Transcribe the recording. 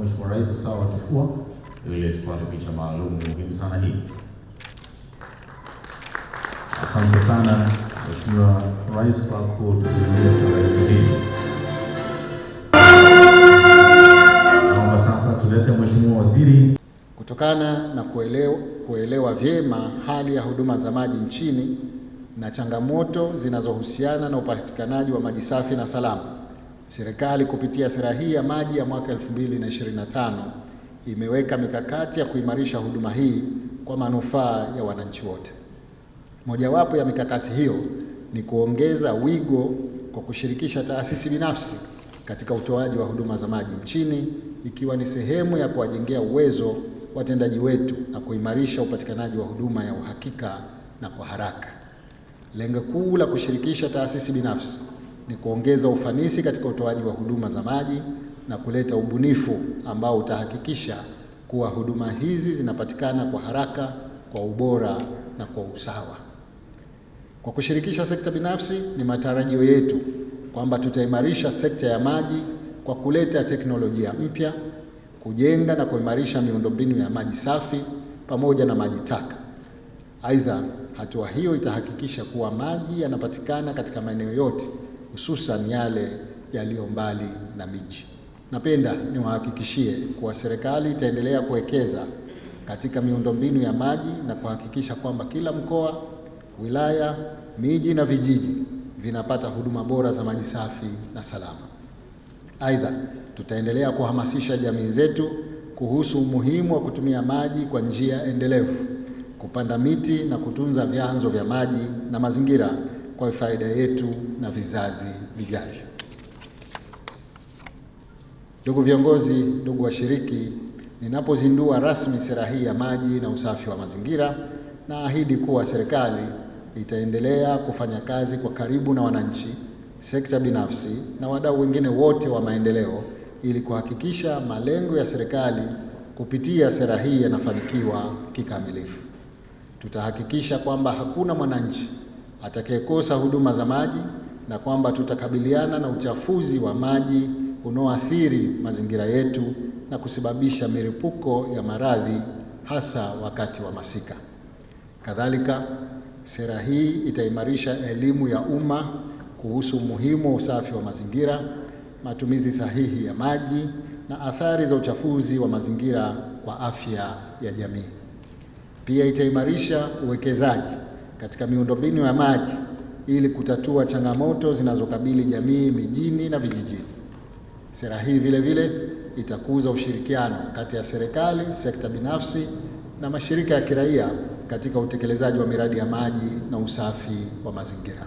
Mheshimiwa Rais usawa wa ili tupate picha muhimu sana hii. Asante sana Mheshimiwa Rais kwa kutuhudumia sala yetu hii. Kutokana na kuelewa, kuelewa vyema hali ya huduma za maji nchini na changamoto zinazohusiana na upatikanaji wa maji safi na salama, serikali kupitia sera hii ya maji ya mwaka 2025 imeweka mikakati ya kuimarisha huduma hii kwa manufaa ya wananchi wote. Mojawapo ya mikakati hiyo ni kuongeza wigo kwa kushirikisha taasisi binafsi katika utoaji wa huduma za maji nchini ikiwa ni sehemu ya kuwajengea uwezo watendaji wetu na kuimarisha upatikanaji wa huduma ya uhakika na kwa haraka. Lengo kuu la kushirikisha taasisi binafsi ni kuongeza ufanisi katika utoaji wa huduma za maji na kuleta ubunifu ambao utahakikisha kuwa huduma hizi zinapatikana kwa haraka, kwa ubora na kwa usawa. Kwa kushirikisha sekta binafsi, ni matarajio yetu kwamba tutaimarisha sekta ya maji kwa kuleta teknolojia mpya kujenga na kuimarisha miundombinu ya maji safi pamoja na maji taka. Aidha, hatua hiyo itahakikisha kuwa maji yanapatikana katika maeneo yote, hususan yale yaliyo mbali na miji. Napenda niwahakikishie kuwa serikali itaendelea kuwekeza katika miundombinu ya maji na kuhakikisha kwamba kila mkoa, wilaya, miji na vijiji vinapata huduma bora za maji safi na salama. Aidha, Tutaendelea kuhamasisha jamii zetu kuhusu umuhimu wa kutumia maji kwa njia endelevu, kupanda miti na kutunza vyanzo vya maji na mazingira kwa faida yetu na vizazi vijavyo. Ndugu viongozi, ndugu washiriki, ninapozindua rasmi sera hii ya maji na usafi wa mazingira, naahidi kuwa serikali itaendelea kufanya kazi kwa karibu na wananchi, sekta binafsi na wadau wengine wote wa maendeleo ili kuhakikisha malengo ya serikali kupitia sera hii yanafanikiwa kikamilifu. Tutahakikisha kwamba hakuna mwananchi atakayekosa huduma za maji na kwamba tutakabiliana na uchafuzi wa maji unaoathiri mazingira yetu na kusababisha milipuko ya maradhi hasa wakati wa masika. Kadhalika, sera hii itaimarisha elimu ya umma kuhusu umuhimu wa usafi wa mazingira matumizi sahihi ya maji na athari za uchafuzi wa mazingira kwa afya ya jamii. Pia itaimarisha uwekezaji katika miundombinu ya maji ili kutatua changamoto zinazokabili jamii mijini na vijijini. Sera hii vile vile itakuza ushirikiano kati ya serikali, sekta binafsi na mashirika ya kiraia katika utekelezaji wa miradi ya maji na usafi wa mazingira.